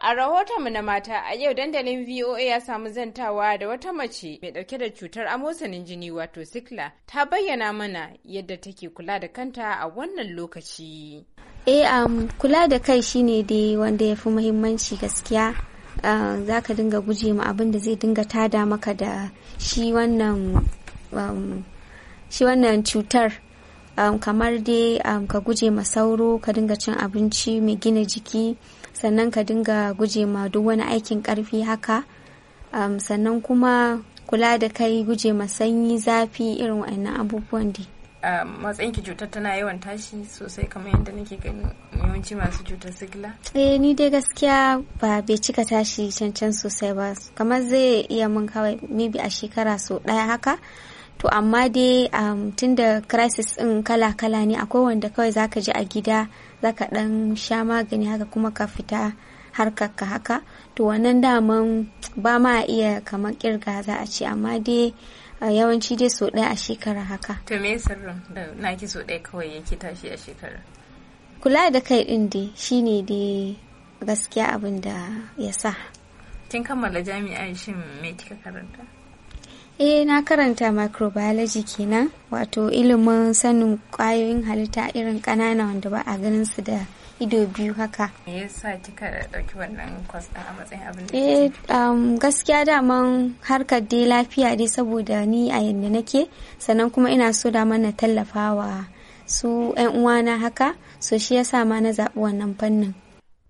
A rahoton mu na mata a yau dandalin VOA ya samu zantawa da wata mace mai dauke da cutar amosanin jini wato sikla ta bayyana mana yadda take kula da kanta a wannan lokaci. Eh um, kula da kai shine dai wanda ya fi muhimmanci gaskiya uh, za ka dinga guje ma abin da zai dinga tada maka da shi wannan shi wannan cutar um, kamar dai um, ka guje ma sauro ka dinga cin abinci mai gina jiki sannan ka dinga guje ma duk wani aikin karfi haka sannan kuma kula da kai guje ma sanyi zafi irin wa'annan abubuwan dai um, matsayin ki cutar tana yawan tashi sosai kamar yadda nake gani yawanci masu cutar sigila e ni dai gaskiya ba bai cika tashi cancan sosai ba kamar zai iya mun kawai maybe a shekara sau daya haka to amma dai um, da crisis din kala-kala ne akwai wanda kawai zaka ji a gida zaka dan sha magani haka kuma ka fita harkar ka haka to wannan daman ba ma iya kamar kirga za a ce amma dai yawanci dai so ɗaya a shekara haka. To me sirrin da naki so ɗaya kawai yake tashi a shekara? Kula da kai ɗin dai shine dai gaskiya abin da ya sa. Kin kammala jami'a shin me kika karanta? eh na karanta microbiology kenan wato ilimin sanin kwayoyin halitta irin kanana wanda ba a ganin su da ido biyu haka me yasa kika dauki wannan course a matsayin abin da eh um, gaskiya daman harkar dai lafiya dai saboda ni a yanda nake sannan kuma ina so da mana tallafawa su yan uwana haka so shi yasa ma na zaɓi wannan fannin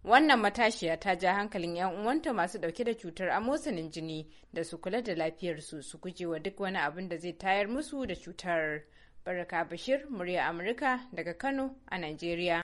Wannan matashiya ta ja hankalin 'yan uwanta masu dauke da cutar amosanin jini da su kula da lafiyarsu su guje wa duk wani abin da zai tayar musu da cutar. Baraka Bashir, murya Amurka daga Kano a nigeria.